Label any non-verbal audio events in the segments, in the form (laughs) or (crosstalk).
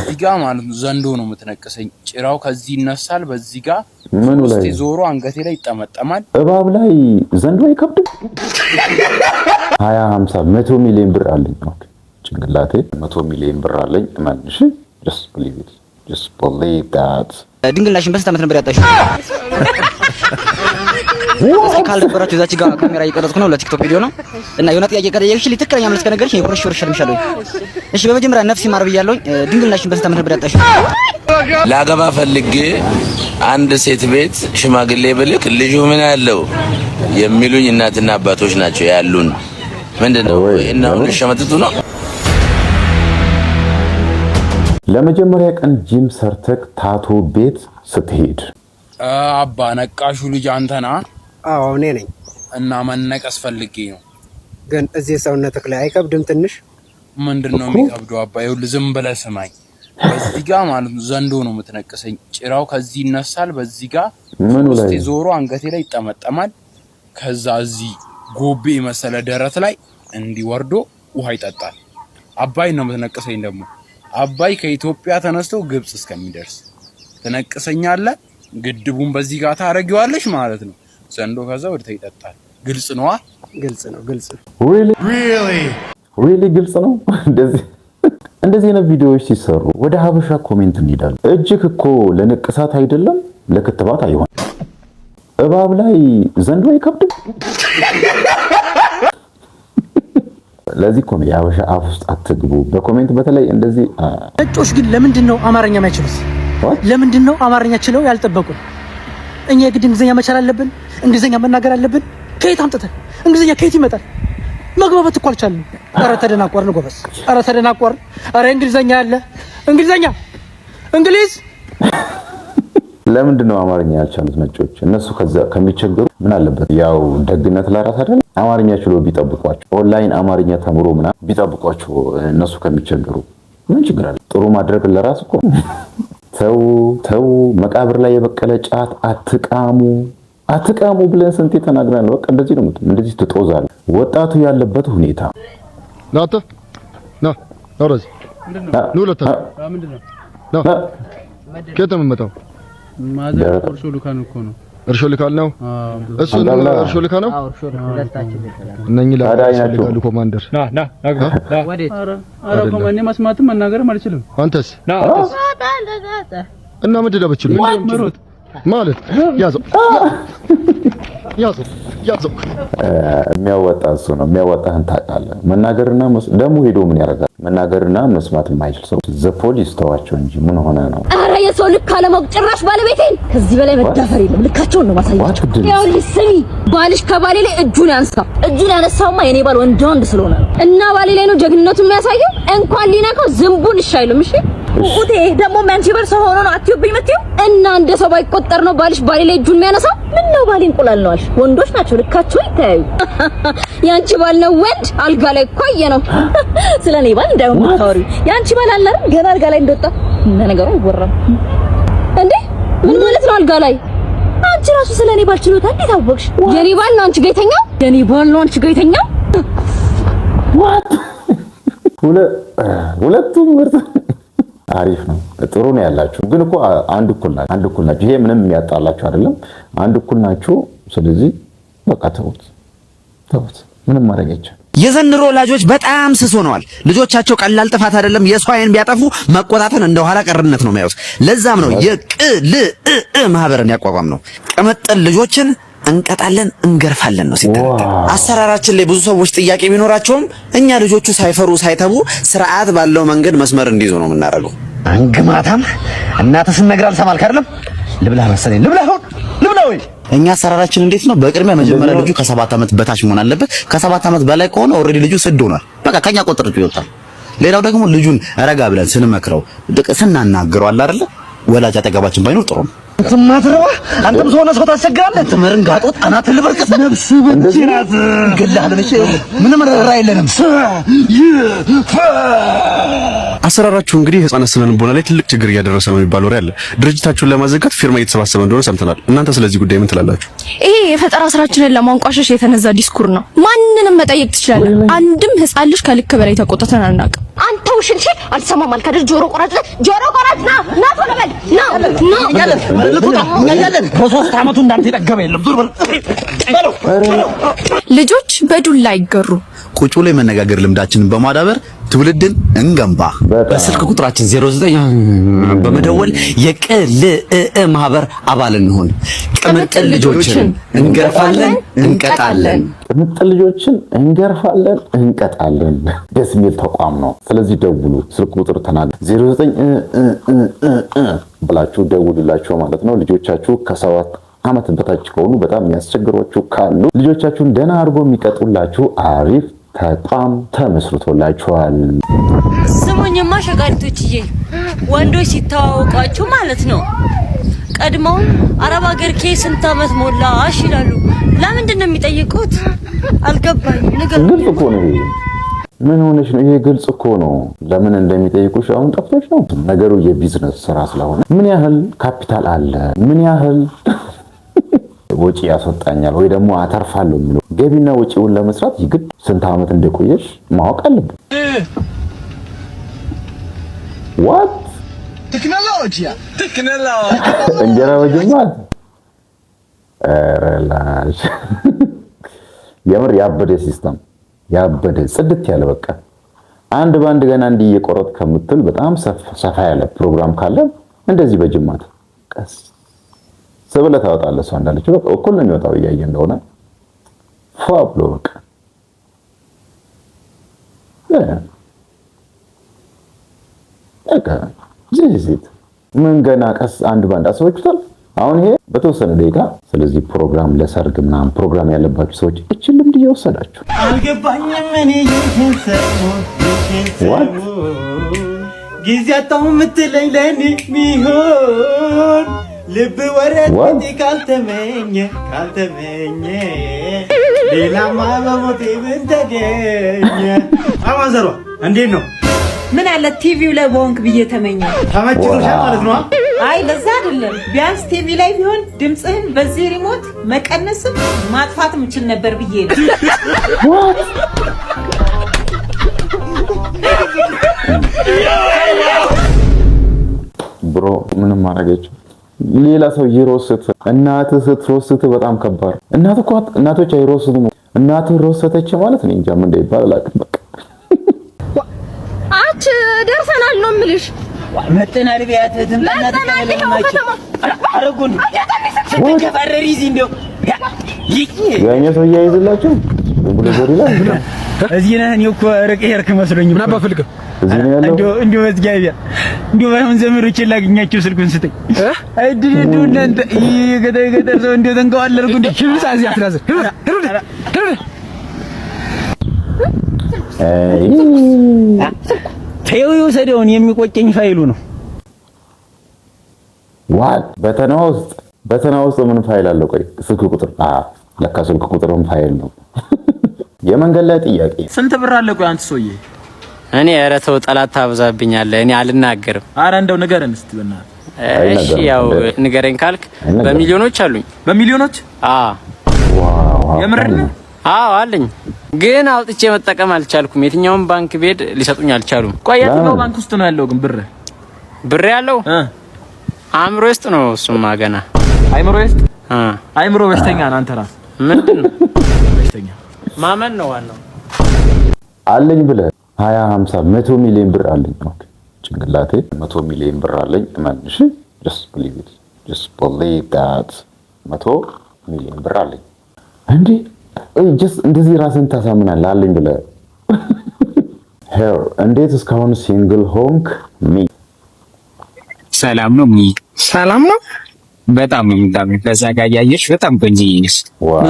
እዚህ ጋር ማለት ነው ዘንዶ ነው የምትነቅሰኝ። ጭራው ከዚህ ይነሳል፣ በዚህ ጋ ምኑ ላይ ዞሮ አንገቴ ላይ ይጠመጠማል። እባብ ላይ ዘንዶ አይከብድም። ሀያ ሀምሳ መቶ ሚሊዮን ብር አለኝ ጭንቅላቴ፣ መቶ ሚሊዮን ብር አለኝ። እመንሽ ድንግልናሽን በስንት ዓመት ነበር ያጣሽ? እስኪ ካልደበራችሁ እዛች ጋር ካሜራ እየቀረጽኩ ነው፣ ለቲክቶክ ቪዲዮ ነው እና የሆነ ጥያቄ ከጠየቅሽ ትክክለኛ መልስ ከነገርሽ የሆነ ሽር ሽር እሺ በመጀመሪያ ነፍስ ማር ብያለሁኝ። ድንግልናሽን በስንት ዓመት ነበር ያጣሽው? ላገባ ፈልጌ አንድ ሴት ቤት ሽማግሌ ብልክ ልጁ ምን ያለው የሚሉኝ እናትና አባቶች ናቸው ያሉን። ምንድን ነው እና ሸመጥጡ ነው ለመጀመሪያ ቀን ጂም ሰርተክ ታቶ ቤት ስትሄድ አባ ነቃሹ ልጅ አንተና አዎ እኔ ነኝ። እና መነቀስ ፈልጌ ነው። ግን እዚህ ሰውነትህ ላይ አይከብድም? ትንሽ ምንድን ነው የሚከብደው? አባዬ ይኸውልህ፣ ዝም ብለህ ስማኝ። በዚህ ጋ ማለት ነው ዘንዶ ነው የምትነቅሰኝ። ጭራው ከዚህ ይነሳል፣ በዚህ ጋ ውስጤ ዞሮ አንገቴ ላይ ይጠመጠማል። ከዛ እዚህ ጎቤ መሰለ ደረት ላይ እንዲወርዶ ውሃ ይጠጣል። አባይ ነው የምትነቅሰኝ። ደግሞ አባይ ከኢትዮጵያ ተነስቶ ግብጽ እስከሚደርስ ትነቅሰኛለህ። ግድቡን በዚህ ጋር ታረጊዋለሽ ማለት ነው። ዘንዶ ከዛ ወደ ይጠጣል። ግልጽ ነዋ። ግልጽ ነው። ግልጽ ነው። ሪሊ ግልጽ ነው። እንደዚህ አይነት ቪዲዮዎች ሲሰሩ ወደ ሀበሻ ኮሜንት እንሄዳለን። እጅግ እኮ ለንቅሳት አይደለም ለክትባት አይሆን እባብ ላይ ዘንዶ አይከብድም። ለዚህ እኮ ነው የሀበሻ አፍ ውስጥ አትግቡ። በኮሜንት በተለይ እንደዚህ ነጮች ግን ለምንድን ነው አማርኛ የማይችሉት? ለምንድን ነው አማርኛ ችለው ያልጠበቁ? እኛ የግድ እንግሊዝኛ መቻል አለብን? እንግሊዝኛ መናገር አለብን? ከየት አምጥተን እንግሊዝኛ ከየት ይመጣል? መግባባት እኮ አልቻለም። ኧረ ተደናቆርን ጎበዝ፣ ኧረ ተደናቆርን። ኧረ እንግሊዝኛ ያለ እንግሊዝኛ እንግሊዝ ለምንድን ነው አማርኛ ያልቻሉት ነጮች? እነሱ ከዛ ከሚቸገሩ ምን አለበት? ያው ደግነት ለራስ አይደል? አማርኛ ችሎ ቢጠብቋቸው ኦንላይን አማርኛ ተምሮ ምናምን ቢጠብቋቸው እነሱ ከሚቸገሩ ምን ችግር አለ? ጥሩ ማድረግ ለራስ እኮ። ተው ተው፣ መቃብር ላይ የበቀለ ጫት አትቃሙ። አትቃሙ ብለን ስንቴ ተናግረናል። በቃ እንደዚህ ነው፣ እንደዚህ ትጦዛለህ። ወጣቱ ያለበት ሁኔታ ናተ ና አውራዚ ኑለታ ከየት ነው የምመጣው? እርሾ ልካን እኮ ነው። እርሾ ልካል ነው እሱ ነው። እርሾ ልካ ነው እነኚህ ለአዳይ ኮማንደር ና ና ና አረ መስማትም መናገርም አልችልም። አንተስ ና አንተስ እና ምንድን ነው ብትችሉ ማለት ያዘው ያዘው የሚያወጣ እሱ ነው። የሚያወጣህን ታውቃለህ። መናገርና ደግሞ ሄዶ ምን ያደርጋል? መናገርና መስማት የማይችል ሰው ዘፖሊስ ተዋቸው እንጂ ምን ሆነ ነው? አረ የሰው ልክ አለማወቅ ጭራሽ ባለቤቴን ከዚህ በላይ መዳፈር የለም። ልካቸውን ነው ማሳያቸው። ይኸውልሽ ስሚ፣ ባልሽ ከባሌ ላይ እጁን ያንሳ። እጁን ያነሳውማ የኔ ባል ወንድ ወንድ ስለሆነ ነው። እና ባሌ ላይ ነው ጀግንነቱ የሚያሳየው። እንኳን ሊነካው ዝንቡን እሺ አይልም። እሺ ኡቴ ደግሞ መንቺበር ሰው ሆኖ ነው አትዩብኝ የምትይው። እና እንደ ሰው ባይቆጠር ነው ባልሽ ባሌ ላይ እጁን የሚያነሳው። ምን ነው ባሌ እንቁላል ነው አልሽ? ወንዶች ናቸው ልካቸው ይተያዩ። (laughs) ያንቺ ባል ነው ወንድ፣ አልጋ ላይ እኮ አየነው (laughs) ስለኔ ባል እንዳይሆን የምታወሪው የአንቺ ባል አለ አይደል? ገና አልጋ ላይ እንደወጣ እና ነገሩ አይወራም እንዴ? ምን ማለት ነው? አልጋ ላይ አንቺ ራሱ ስለኔ ባል ችሎታ እንዴት አወቅሽ? የኔ ባል ነው አንቺ ጋር የተኛው? የኔ ባል ነው አንቺ ጋር የተኛው? ሁለቱም ምርጥ አሪፍ ነው። ጥሩ ነው ያላችሁ። ግን እኮ አንድ እኩል ናችሁ፣ አንድ እኩል ናችሁ። ይሄ ምንም የሚያጣላችሁ አይደለም። አንድ እኩል ናችሁ። ስለዚህ በቃ ተውት፣ ተውት። ምንም ማድረግ አይቻልም። የዘንድሮ ወላጆች በጣም ስስ ሆነዋል። ልጆቻቸው ቀላል ጥፋት አይደለም የሰው አይን ቢያጠፉ መቆጣትን እንደኋላ ኋላ ቀርነት ነው የሚያዩት። ለዛም ነው የቅል ማህበርን ያቋቋም ነው። ቅምጥል ልጆችን እንቀጣለን እንገርፋለን ነው ሲተረተ። አሰራራችን ላይ ብዙ ሰዎች ጥያቄ ቢኖራቸውም እኛ ልጆቹ ሳይፈሩ ሳይተቡ ስርዓት ባለው መንገድ መስመር እንዲይዙ ነው የምናደርገው። እንግማታም እናትህ ስነግር አልሰማልክ አይደለም። ልብላ መሰለኝ ልብላ እኛ አሰራራችን እንዴት ነው? በቅድሚያ መጀመሪያ ልጁ ከሰባት ዓመት በታች መሆን አለበት። ከሰባት ዓመት በላይ ከሆነ ኦልሬዲ ልጁ ስድ ሆኗል። በቃ ከኛ ቁጥር ይወጣል። ሌላው ደግሞ ልጁን ረጋ ብለን ስንመክረው ስናናግረው አለ አይደለ ወላጅ አጠገባችን ባይኖር ጥሩ ነው። ትማትረባ አንተም ሰው ታስቸግራለህ። አንተ አናት ነፍስ ምንም ረራ የለንም። አሰራራችሁ እንግዲህ ህፃናት ስነ ልቦና ላይ ትልቅ ችግር እያደረሰ ነው የሚባል ወሬ አለ። ድርጅታችሁን ለማዘጋት ፊርማ እየተሰባሰበ እንደሆነ ሰምተናል። እናንተ ስለዚህ ጉዳይ ምን ትላላችሁ? ይሄ የፈጠራ ስራችንን ለማንቋሸሽ የተነዛ ዲስኩር ነው። ማንንም መጠየቅ ትችላለህ። አንድም ህፃን ልጅ ከልክ በላይ ተቆጥተን አናውቅም። አንተ ውሽንሽ አልሰማም አልከ ጆሮ ቆራጥ ጆሮ ቆራጥ ና ና ቶሎ በል ና ና በሶስት አመቱ እንዳንተ የጠገበ የለም። ዙር ልጆች በዱላ ይገሩ ቁጭ ላይ የመነጋገር ልምዳችንን በማዳበር ትውልድን እንገንባ። በስልክ ቁጥራችን 09 በመደወል የቅልእ ማህበር አባል እንሆን። ቅምጥል ልጆችን እንገርፋለን፣ እንቀጣለን። ቅምጥል ልጆችን እንገርፋለን፣ እንቀጣለን። ደስ የሚል ተቋም ነው። ስለዚህ ደውሉ። ስልክ ቁጥር ተናገር 09 ብላችሁ ደውሉላቸው ማለት ነው። ልጆቻችሁ ከሰባት ዓመት በታች ከሆኑ በጣም የሚያስቸግሯችሁ ካሉ ልጆቻችሁን ደህና አድርጎ የሚቀጡላችሁ አሪፍ ተቋም ተመስርቶላችኋል። ስሙኝማ ሸቃሪቶችዬ፣ ወንዶች ሲተዋወቋችሁ ማለት ነው ቀድመው አረብ ሀገር ኬ ስንት አመት ሞላሽ ይላሉ። ለምንድን ነው የሚጠይቁት? አልገባኝ። ግልጽ እኮ ነው። ምን ሆነሽ ነው? ይሄ ግልጽ እኮ ነው። ለምን እንደሚጠይቁሽ አሁን ጠፍቶሽ ነው? ነገሩ የቢዝነስ ስራ ስለሆነ ምን ያህል ካፒታል አለ፣ ምን ያህል (laughs) ወጪ ያስወጣኛል ወይ ደግሞ አተርፋለሁ የሚለው ገቢና ወጪውን ለመስራት ይግድ ስንት ዓመት እንደቆየሽ ማወቅ አለብን። ዋት ቴክኖሎጂ እንጀራ በጅማት (laughs) የምር ያበደ ሲስተም ያበደ ጽድት ያለ በቃ አንድ ባንድ ገና እንዲህ እየቆረጥ ከምትል በጣም ሰፋ ያለ ፕሮግራም ካለ እንደዚህ በጅማት ቀስ ስብለ ታወጣለ ሰው እንዳለች በቃ እኩል ነው የሚወጣው እያየ እንደሆነ ፏ ብሎ በቃ በቃ ዚዚት ምን ገና ቀስ አንድ ባንድ አስባችሁታል። አሁን ይሄ በተወሰነ ደቂቃ ስለዚህ ፕሮግራም ለሰርግ ምናምን ፕሮግራም ያለባችሁ ሰዎች እችል ወንድ እየወሰዳችሁ አልገባኝም። ጊዜ አጣሁ የምትለኝ ለእኔ ሚሆን ልብ ወረት ካልተመኘ ካልተመኘ ሌላማ በሞቴ ምን ተገኘ? አማዘሯ እንዴት ነው? ምን አለ ቲቪው ላይ በወንክ ብዬ ተመኘ። ተመችቶሻል ማለት ነው። አይ ለዛ አይደለም። ቢያንስ ቲቪ ላይ ቢሆን ድምፅህን በዚህ ሪሞት መቀነስም ማጥፋት ምችል ነበር ብዬ ብሮ ምንም አረገችው። ሌላ ሰው ይሮስት እናት ስትሮስት በጣም ከባድ። እናት እኮ እናቶች አይሮስቱ። እናት ሮሰተች ማለት ነው እንጃ ምን እንደሚባል አላውቅም። በቃ አች ደርሰናል ነው የምልሽ መጠናል ቢያት ትምጣና አረጉን ተባረሪ እዚህ እንደው ያኛው ሰው እያይዝላችሁ ብሎ ዞር ይላል። እዚህ ነህ። እኔ እኮ ርቀህ የሄድክ መስሎኝ ምን ፈልገህ እዚህ ነው ያለው። እንደው እንደው መዝጋቢያ ባይሆን ዘመዶቼን ላገኛቸው ስልኩን ስጠኝ። እድል እንደው እናንተ የገጠር የገጠር ሰው እንደው ተንከባለልኩ። እንደው ሽብሳ እዚህ አትላዘ ሽብሳ ተይው የወሰደውን የሚቆጨኝ ፋይሉ ነው። ዋት በተና ውስጥ በተና ውስጥ ምን ፋይል አለው? ቆይ ስልክ ቁጥር አ ለካ ስልክ ቁጥርም ፋይል ነው። (laughs) የመንገድ ላይ ጥያቄ ስንት ብር አለ? ቆይ አንተ ሰውዬ እኔ ኧረ ተው ጠላት ታበዛብኛለህ። እኔ አልናገርም። አረ እንደው ንገረን እስቲ በእናትህ። እሺ ያው ንገረኝ ካልክ በሚሊዮኖች አሉኝ። በሚሊዮኖች? አዎ። የምር ነው? አዎ አለኝ። ግን አውጥቼ መጠቀም አልቻልኩም። የትኛውም ባንክ ቤድ ሊሰጡኝ አልቻሉም። ቆያት ነው ባንክ ውስጥ ነው ያለው? ግን ብር ብር ያለው አእምሮ ውስጥ ነው። እሱማ ገና አእምሮ ውስጥ አእምሮ በሽተኛ ነው። አንተ ራስህ ምንድን ነው በሽተኛ? ማመን ነው ዋናው። አለኝ ብለህ 20 50 100 ሚሊዮን ብር አለኝ ነው ጭንቅላቴ። 100 ሚሊዮን ብር አለኝ እመን። just believe it just believe that 100 ሚሊዮን ብር አለኝ እንዴ እንደዚህ ራስን ታሳምናለህ አለኝ ብለህ ሄር እንዴት እስካሁን ሲንግል ሆንክ? ሚ ሰላም ነው። ሚ ሰላም ነው። በጣም በጣም ከዛ ጋ ያየሽ በጣም ቆንጆዬ ነሽ።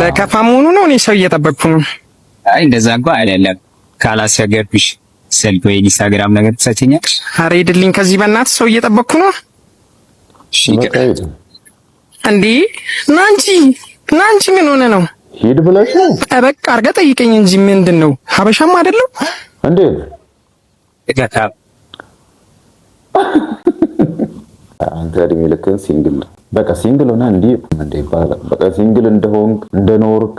ለከፋ መሆኑ ነው። እኔ ሰው እየጠበቅኩ ነው። አይ እንደዛ እንኳ አይደለም። ካላሰገብሽ ስልክ ወይ ኢንስታግራም ነገር ትሰጪኛለሽ? ኧረ ሂድልኝ ከዚህ በእናትህ ሰው እየጠበቅኩ ነው። እሺ እንዴ ናንቺ ናንቺ ምን ሆነ ነው ሂድ ብለሽ ነው ጠበቅ አድርገህ ጠይቀኝ እንጂ ምንድን ነው? ሀበሻም አይደለም እንዴ? አንተ እድሜ ልክህን ሲንግል በቃ ሲንግል ሆነ እንዲህ እንደ ይባላል። በቃ ሲንግል እንደሆንክ እንደኖርክ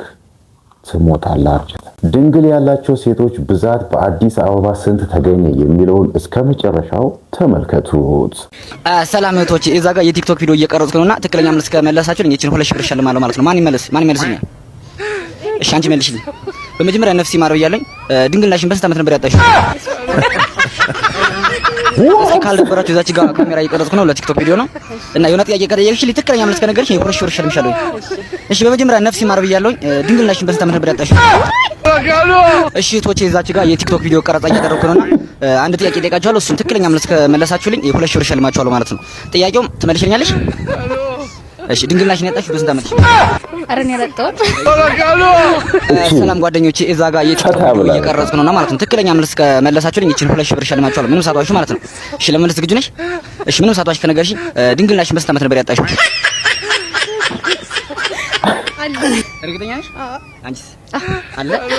ትሞታላችሁ። ድንግል ያላቸው ሴቶች ብዛት በአዲስ አበባ ስንት ተገኘ የሚለውን እስከ መጨረሻው ተመልከቱት። ሰላም እህቶች፣ እዛ ጋር የቲክቶክ ቪዲዮ እየቀረጽኩ ነውና ትክክለኛ መልስ ከመለሳችሁ እኔ እቺን ሁለት ሺህ ብር ማለት ነው። ማን ይመልስ? ማን ይመልስኛል? እሺ፣ አንቺ መልሽልኝ። በመጀመሪያ ነፍስ ይማር ብያለኝ። ድንግልናሽን በስንት ዓመት ነበር ያጣሽው? ካልነበራችሁ እዛች ጋር ካሜራ እየቀረጽኩ ነው፣ ለቲክቶክ ቪዲዮ ነው እና የሆነ ጥያቄ ከጠየቅሽልኝ ትክክለኛ መልስ ከነገርሽ ነው ኮረሽ ወርሽ ልምሻለሁ። እሺ፣ በመጀመሪያ ነፍስ ይማር ብያለኝ። ድንግልናሽን በስንት ዓመት ነበር ያጣሽው? እሺ፣ ቶቼ እዛች ጋር የቲክቶክ ቪዲዮ ቀረጻ እያደረኩ ነውና አንድ ጥያቄ ጠይቃችኋለሁ። እሱን ትክክለኛ መልስ ከመለሳችሁልኝ የኮረሽ ወርሽ ልማችኋለሁ ማለት ነው። ጥያቄውም ትመልሽልኛለሽ? እሺ ድንግልናሽን ያጣሽ በስንት ዓመትሽ? ኧረ እኔ አላጣሁት። ሰላም ጓደኞቼ፣ እዛ ጋር እየቀረጽኩ ነውና ማለት ነው። ትክክለኛ መልስ ከመለሳችሁልኝ ይችን ሁለት ሺህ ብር ሸልማችኋለሁ። ምንም ሳትዋሹ ማለት ነው። እሺ ለመልስ ዝግጁ ነሽ? እሺ ምንም ሳትዋሽ ከነገርሽ ድንግልናሽን በስንት ዓመት ነበር ያጣሽ? እርግጠኛ ነሽ? አንቺስ? አለ አለ።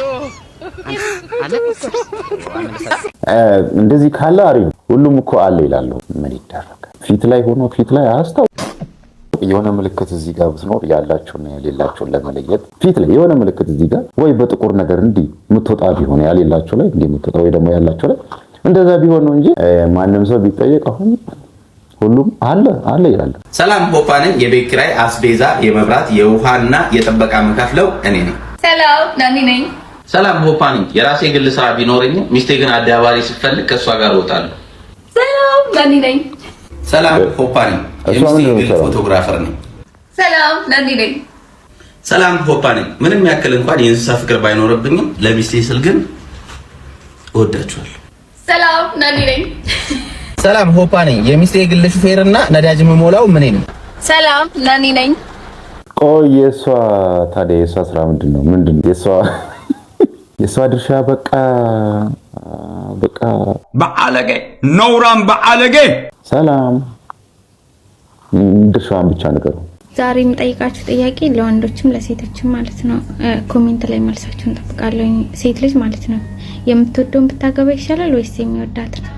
እንደዚህ ካለ አሪፍ። ሁሉም እኮ አለ ይላሉ። ምን ይደረጋል? ፊት ላይ ሆኖ ፊት ላይ አያስታውቅም። የሆነ ምልክት እዚህ ጋር ብትኖር ያላቸውና የሌላቸውን ለመለየት ፊት ላይ የሆነ ምልክት እዚህ ጋር ወይ በጥቁር ነገር እንዲህ የምትወጣ ቢሆን ያሌላቸው ላይ እንዲህ የምትወጣ ወይ ደግሞ ያላቸው ላይ እንደዛ ቢሆን ነው እንጂ ማንም ሰው ቢጠየቅ አሁን ሁሉም አለ አለ ይላል። ሰላም ቦፓንን የቤት ኪራይ፣ አስቤዛ፣ የመብራት፣ የውሃና የጥበቃ መከፍለው እኔ ነኝ። ሰላም ናኒ ነኝ። ሰላም ቦፓንን የራሴ ግል ስራ ቢኖረኝ ሚስቴ ግን አደባባሪ ስፈልግ ከእሷ ጋር እወጣለሁ። ሰላም ናኒ ነኝ። ሰላም ቦፓንን ፎቶግራፈር ነው። ሰላም ለኒ ነኝ። ሰላም ሆፓ ነኝ። ምንም ያክል እንኳን የእንስሳ ፍቅር ባይኖርብኝም ለሚስቴ ስል ግን እወዳችኋለሁ። ሰላም ለኒ ነኝ። ሰላም ሆፓ ነኝ። የሚስቴ የግል ሹፌር እና ነዳጅ የምሞላው ምን ነው። ሰላም ለኒ ነኝ። ቆይ የእሷ ታዲያ የእሷ ስራ ምንድን ነው? ምንድን ነው የእሷ (laughs) የእሷ ድርሻ? በቃ በቃ በአለጌ ነውራም በአለጌ ሰላም ድርሻዋን ብቻ ነገሩ። ዛሬ የምጠይቃችሁ ጥያቄ ለወንዶችም ለሴቶችም ማለት ነው። ኮሜንት ላይ መልሳችሁን እንጠብቃለሁ ሴት ልጅ ማለት ነው የምትወደውን ብታገባ ይሻላል ወይስ የሚወዳት ነው?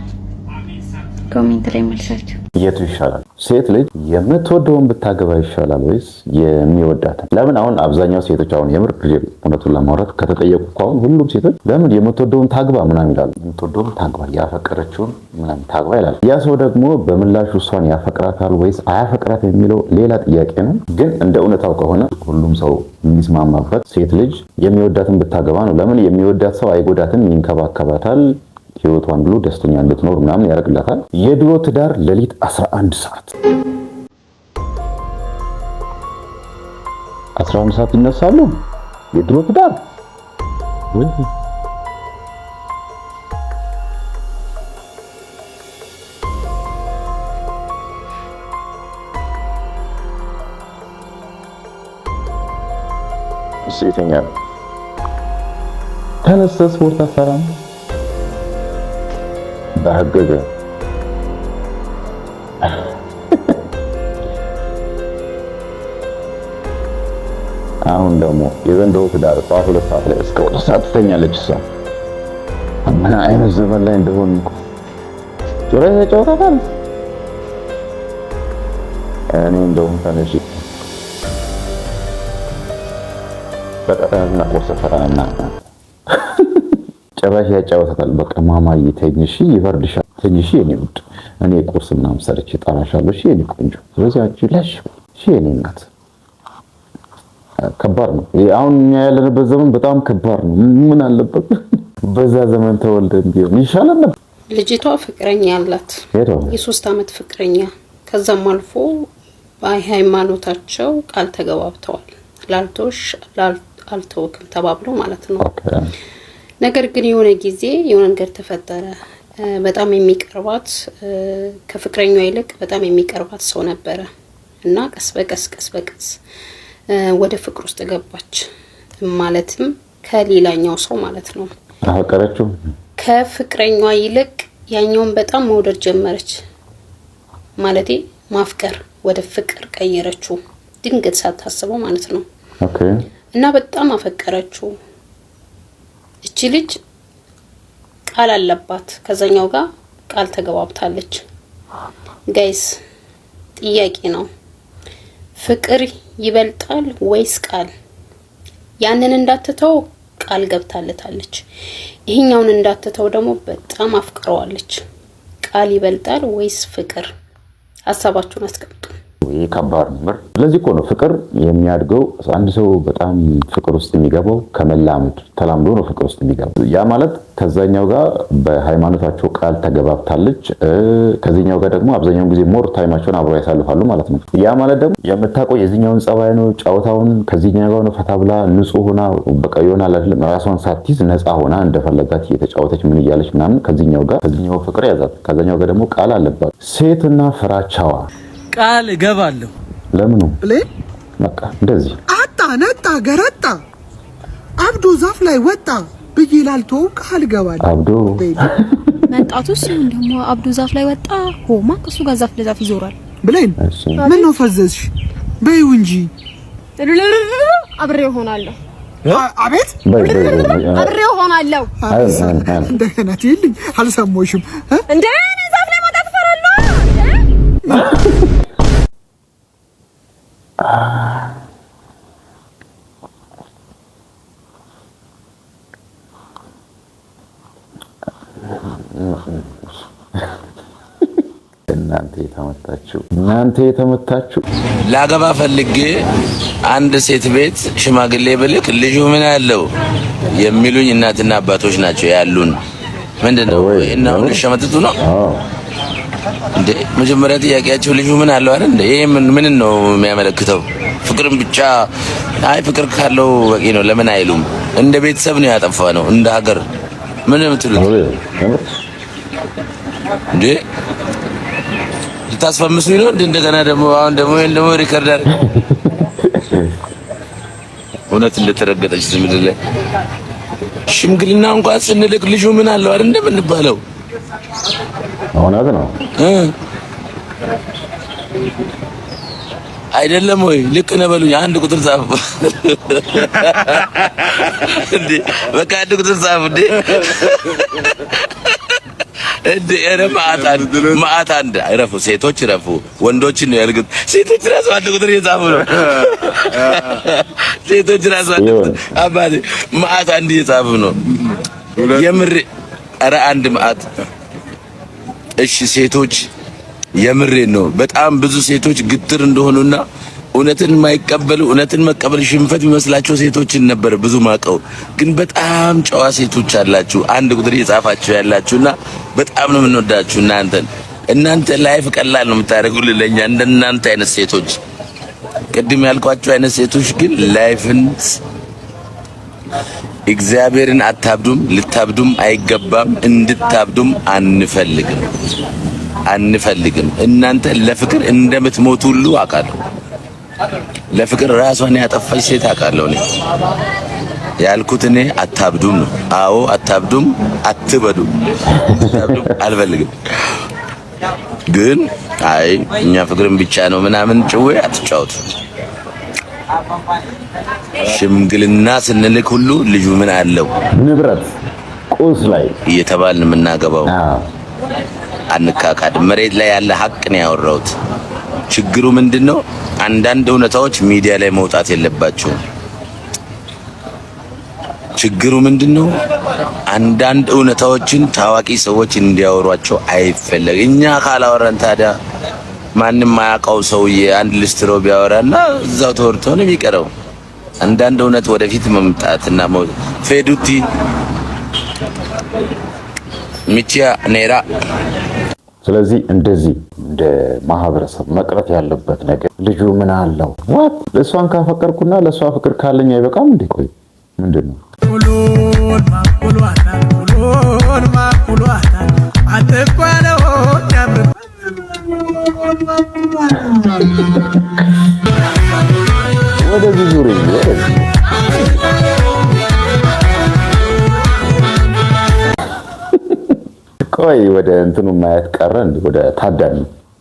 ኮሜንት ላይ መልሳቸው የቱ ይሻላል? ሴት ልጅ የምትወደውን ብታገባ ይሻላል ወይስ የሚወዳትን? ለምን አሁን አብዛኛው ሴቶች አሁን የምር እውነቱን ለማውራት ከተጠየቁ አሁን ሁሉም ሴቶች ለምን የምትወደውን ታግባ ምናምን ይላሉ። የምትወደውን ታግባ፣ ያፈቀረችውን ምናምን ታግባ ይላል። ያ ሰው ደግሞ በምላሹ እሷን ያፈቅራታል ወይስ አያፈቅራት የሚለው ሌላ ጥያቄ ነው። ግን እንደ እውነታው ከሆነ ሁሉም ሰው የሚስማማበት ሴት ልጅ የሚወዳትን ብታገባ ነው። ለምን የሚወዳት ሰው አይጎዳትም፣ ይንከባከባታል ህይወቷን ብሎ ደስተኛ እንድትኖር ምናምን ያደርግላታል። የድሮ ትዳር ሌሊት 11 ሰዓት 11 ሰዓት ይነሳሉ። የድሮ ትዳር ሴተኛ የተኛ ነው። ተነስተ ስፖርት አሰራም በህግግ አሁን ደግሞ የዘንድሮ ትዳር ጠዋት ሁለት ሰዓት ላይ እስከ ሁለት ሰዓት ትተኛለች። እሷ ምን አይነት ዘመን ላይ እንደሆን ጆሮ ተጫውታታል። እኔ እንደውም ተነሽ በቀጠና ቁርስ ፈራና ጭራሽ ያጫወታታል። በቃ ማማዬ ተኝሽ ይበርድሻል፣ ተኝሽ የኔ ውድ፣ እኔ ቁርስ ምናምን ሰርቼ እጠራሻለሁ፣ እሺ የኔ ቆንጆ። ስለዚህ አንቺ ለሽ፣ ሺ የኔ እናት። ከባድ ነው አሁን እኛ ያለንበት ዘመን፣ በጣም ከባድ ነው። ምን አለበት በዛ ዘመን ተወልደን ቢሆን ይሻላል ነበር። ልጅቷ ፍቅረኛ አላት፣ የሶስት ዓመት ፍቅረኛ። ከዛም አልፎ በሃይማኖታቸው ቃል ተገባብተዋል። ላልቶሽ አልተወክም ተባብለው ማለት ነው ነገር ግን የሆነ ጊዜ የሆነ ነገር ተፈጠረ። በጣም የሚቀርባት ከፍቅረኛ ይልቅ በጣም የሚቀርባት ሰው ነበረ እና ቀስ በቀስ ቀስ በቀስ ወደ ፍቅር ውስጥ ገባች። ማለትም ከሌላኛው ሰው ማለት ነው። ታፈቀረችው ከፍቅረኛዋ ይልቅ ያኛውን በጣም መውደድ ጀመረች። ማለቴ ማፍቀር ወደ ፍቅር ቀየረችው፣ ድንገት ሳታስበው ማለት ነው እና በጣም አፈቀረችው። እቺ ልጅ ቃል አለባት ከዛኛው ጋር ቃል ተገባብታለች። ጋይስ ጥያቄ ነው፣ ፍቅር ይበልጣል ወይስ ቃል? ያንን እንዳትተው ቃል ገብታለታለች። ይሄኛውን እንዳትተው ደግሞ በጣም አፍቅረዋለች። ቃል ይበልጣል ወይስ ፍቅር? ሀሳባችሁን አስቀምጡ። ይህ ከባድ ምር። ስለዚህ እኮ ነው ፍቅር የሚያድገው። አንድ ሰው በጣም ፍቅር ውስጥ የሚገባው ከመላመድ ተላምዶ ነው ፍቅር ውስጥ የሚገባው። ያ ማለት ከዛኛው ጋር በሃይማኖታቸው ቃል ተገባብታለች፣ ከዚኛው ጋር ደግሞ አብዛኛውን ጊዜ ሞር ታይማቸውን አብሮ ያሳልፋሉ ማለት ነው። ያ ማለት ደግሞ የምታውቀው የዚኛውን ጸባይ ነው፣ ጨዋታውን ከዚኛው ጋር ነው። ፈታ ብላ ንጹህ ሆና በቃ የሆነ አላለም ራሷን ሳትይዝ ነፃ ሆና እንደፈለጋት እየተጫወተች ምን እያለች ምናምን ከዚኛው ጋር ከዚኛው ፍቅር ያዛት፣ ከዛኛው ጋር ደግሞ ቃል አለባት። ሴትና ፍራቻዋ ቃል እገባለሁ። ለምኑ በቃ እንደዚህ አጣ ነጣ ገረጣ አብዶ ዛፍ ላይ ወጣ ብዬ ላልተው ቃል እገባለሁ። አብዶ (laughs) ሲሆን ደግሞ አብዶ ዛፍ ላይ ወጣ ሆማ ከሱ ጋር ዛፍ ለዛፍ ይዞራል ብለን ምን ነው ፈዘዝሽ? በይው እንጂ አብሬ ሆናለሁ። አቤት አብሬ ሆናለሁ። እንደገና ትይልኝ አልሰማሽም እንዴ? ዛፍ ላይ መውጣት ፈራለሁ (laughs) እናንተ የተመታችሁ እናንተ የተመታችሁ ላገባ ፈልጌ አንድ ሴት ቤት ሽማግሌ ብልክ ልጁ ምን ያለው የሚሉኝ እናትና አባቶች ናቸው ያሉን። ምንድን ነው ይህን አሁን ሸመጥጡ ነው እንዴ መጀመሪያ ጥያቄያቸው ልጁ ምን አለው አይደል? ይሄ ምን ነው የሚያመለክተው? ፍቅርም ብቻ አይ ፍቅር ካለው በቂ ነው ለምን አይሉም? እንደ ቤተሰብ ነው ያጠፋ ነው እንደ ሀገር ምን የምትሉት እንዴ? ልታስፈምሱ ነው እንደ እንደገና ደግሞ አሁን ደግሞ ይሄን ደግሞ ሪከርድ አድርግ። እውነት እንደተረገጠች ምድር ላይ ሽምግልና እንኳን ስንልቅ ልጁ ምን አለው አይደል እንደምንባለው እውነት ነው አይደለም ወይ? ልክ ነው በሉኝ። አንድ ቁጥር ጻፉ እንዴ! በቃ አንድ ቁጥር ጻፉ እንዴ! እንዴ! ኧረ መዓት አንድ እረፉ ሴቶች እረፉ። ወንዶችን ነው ያልኩት። ሴቶች ራሱ አንድ ቁጥር እየጻፉ ነው። ሴቶች ራሱ አንድ ቁጥር አባቴ መዓት እየጻፉ ነው። የምር ኧረ አንድ መዓት እሺ ሴቶች የምሬን ነው። በጣም ብዙ ሴቶች ግትር እንደሆኑና እውነትን የማይቀበሉ እውነትን መቀበል ሽንፈት የሚመስላቸው ሴቶችን ነበር ብዙ ማቀው። ግን በጣም ጨዋ ሴቶች አላችሁ፣ አንድ ቁጥር እየጻፋችሁ ያላችሁና በጣም ነው የምንወዳችሁ እናንተን። እናንተ ላይፍ ቀላል ነው የምታደርጉልን ለኛ እንደናንተ አይነት ሴቶች ቅድም ያልኳቸው አይነት ሴቶች ግን ላይፍን እግዚአብሔርን አታብዱም፣ ልታብዱም አይገባም፣ እንድታብዱም አንፈልግም አንፈልግም። እናንተ ለፍቅር እንደምትሞቱ ሁሉ አውቃለሁ። ለፍቅር ራሷን ያጠፋች ሴት አውቃለሁ። እኔ ያልኩት እኔ አታብዱም ነው። አዎ አታብዱም፣ አትበዱ፣ አታብዱም አልፈልግም። ግን አይ እኛ ፍቅርን ብቻ ነው ምናምን ጭዌ አትጫወቱ። ሽምግልና ስንልክ ሁሉ ልጁ ምን አለው ንብረት ቁስ ላይ እየተባልን የምናገባው አንካካድ። መሬት ላይ ያለ ሀቅ ነው ያወራሁት። ችግሩ ምንድን ነው? አንዳንድ እውነታዎች ሚዲያ ላይ መውጣት የለባቸውም። ችግሩ ምንድን ነው? አንዳንድ እውነታዎችን ታዋቂ ሰዎች እንዲያወሯቸው አይፈለግ። እኛ ካላወራን ታዲያ ማንም ማያውቀው ሰውዬ አንድ ልስትሮ ቢያወራና እዛው ተወርቶ ነው የሚቀረው። አንዳንድ እውነት ወደፊት መምጣትና ፌዱቲ ሚቺያ ኔራ። ስለዚህ እንደዚህ እንደ ማህበረሰብ መቅረት ያለበት ነገር ልጁ ምን አለው ዋት እሷን ካፈቀርኩና ለእሷ ፍቅር ካለኝ አይበቃም እንዴ? ቆይ ምንድን ነው ሁሉን ማኩሏታል ሁሉን ማኩሏታል ወደዚህ ዙሪ ቆይ ወደ እንትኑ ማየት ቀረ እንዴ? ወደ ታዳሚ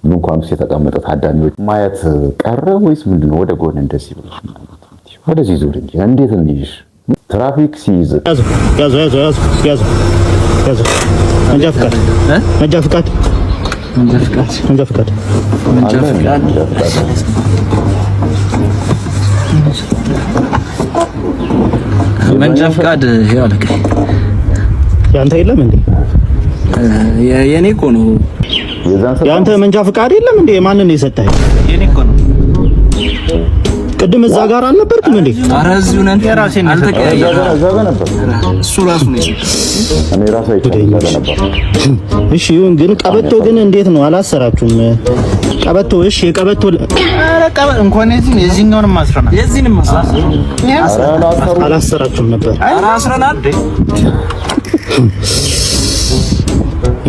እንኳን ውስጥ የተቀመጠ ታዳሚዎች ማየት ቀረ ወይስ ምንድን ነው? ወደ ጎን እንደዚህ ብሎ ወደዚህ ዙር እንጂ እንዴት እንይሽ? ትራፊክ ሲይዝ መንጃ ፍቃድ መንጃ ፍቃድ እንጃ ፍቃድ መንጃ ፍቃድ ይኸው ያንተ የለም እንዴ? የኔ እኮ ነው። ያንተ መንጃ ፍቃድ የለም እንዴ? ማንን ነው የሰጠህ? የኔ እኮ ነው። ቅድም እዛ ጋር አልነበርክም እንዴ? ኧረ እዚሁ ነን። እሺ ይሁን። ግን ቀበቶ ግን እንዴት ነው? አላሰራችሁም? ቀበቶ እሺ፣ የቀበቶ እንኳን የዚህኛውንም አስረናል፣ የዚህንም አስረናል። አላሰራችሁም ነበር (laughs)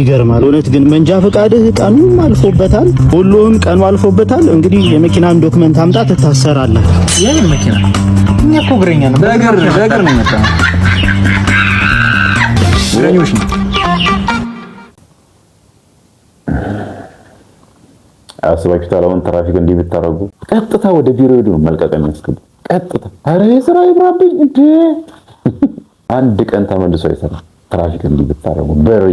ይገርማል እውነት ግን መንጃ ፈቃድህ ቀኑም አልፎበታል፣ ሁሉም ቀኑ አልፎበታል። እንግዲህ የመኪናን ዶክመንት አምጣ ትታሰራለህ። የምን መኪና? እኛ እኮ እግረኛ ነው፣ በእግር በእግር ነው የመጣው። እግረኞች ነው። አስባችሁታል? አሁን ትራፊክ እንዲህ ብታረጉ ቀጥታ ወደ ቢሮ ሄዱ ነው መልቀቂያ የሚያስገቡ ቀጥታ። ኧረ የሥራ ይምራብኝ እንደ አንድ ቀን ተመልሶ አይሰራም። ትራፊክ እንዲህ ብታረጉ በሬ